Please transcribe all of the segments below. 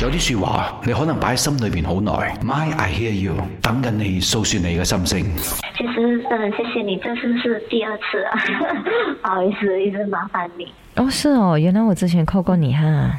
有啲說話，你可能擺喺心裏邊好耐。May I hear you，等緊你訴說你嘅心聲。其實，嗯，謝謝你，這是唔係第二次啊？ 不好意思，一直麻煩你。哦，是哦，原來我之前 call 過你吓、啊。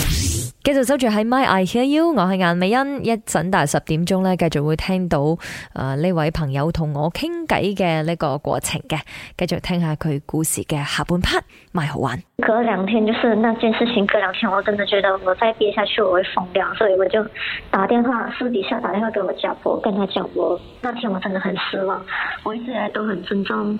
繼續守住係 My I Hear You，我係顏美欣，一陣大十點鐘咧，繼續會聽到誒呢位朋友同我傾偈嘅呢個過程嘅，繼續聽下佢故事嘅下半 part，咪好玩。隔兩天就是那件事情，隔兩天我真的覺得我再憋下去我會瘋掉，所以我就打電話私底下打電話給我家婆，跟他講我那天我真的很失望，我一直以來都很尊重。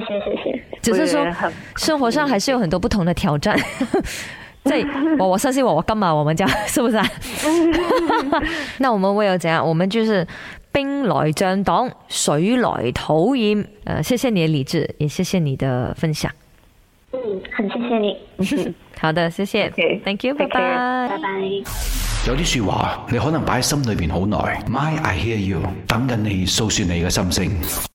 謝謝，只是說生活上還是有很多不同的挑戰，在 我我相信我我幹嘛我們家是不是？ 那我們會有怎樣？我們就是兵來將擋，水來土掩。呃，謝謝你的理智，也謝謝你的分享。嗯，很謝謝你。好的，謝謝 Okay.，Thank you，拜拜 Take care. bye，拜拜。有啲說話你可能擺喺心裏邊好耐。My I hear you，等緊你訴說你嘅心聲。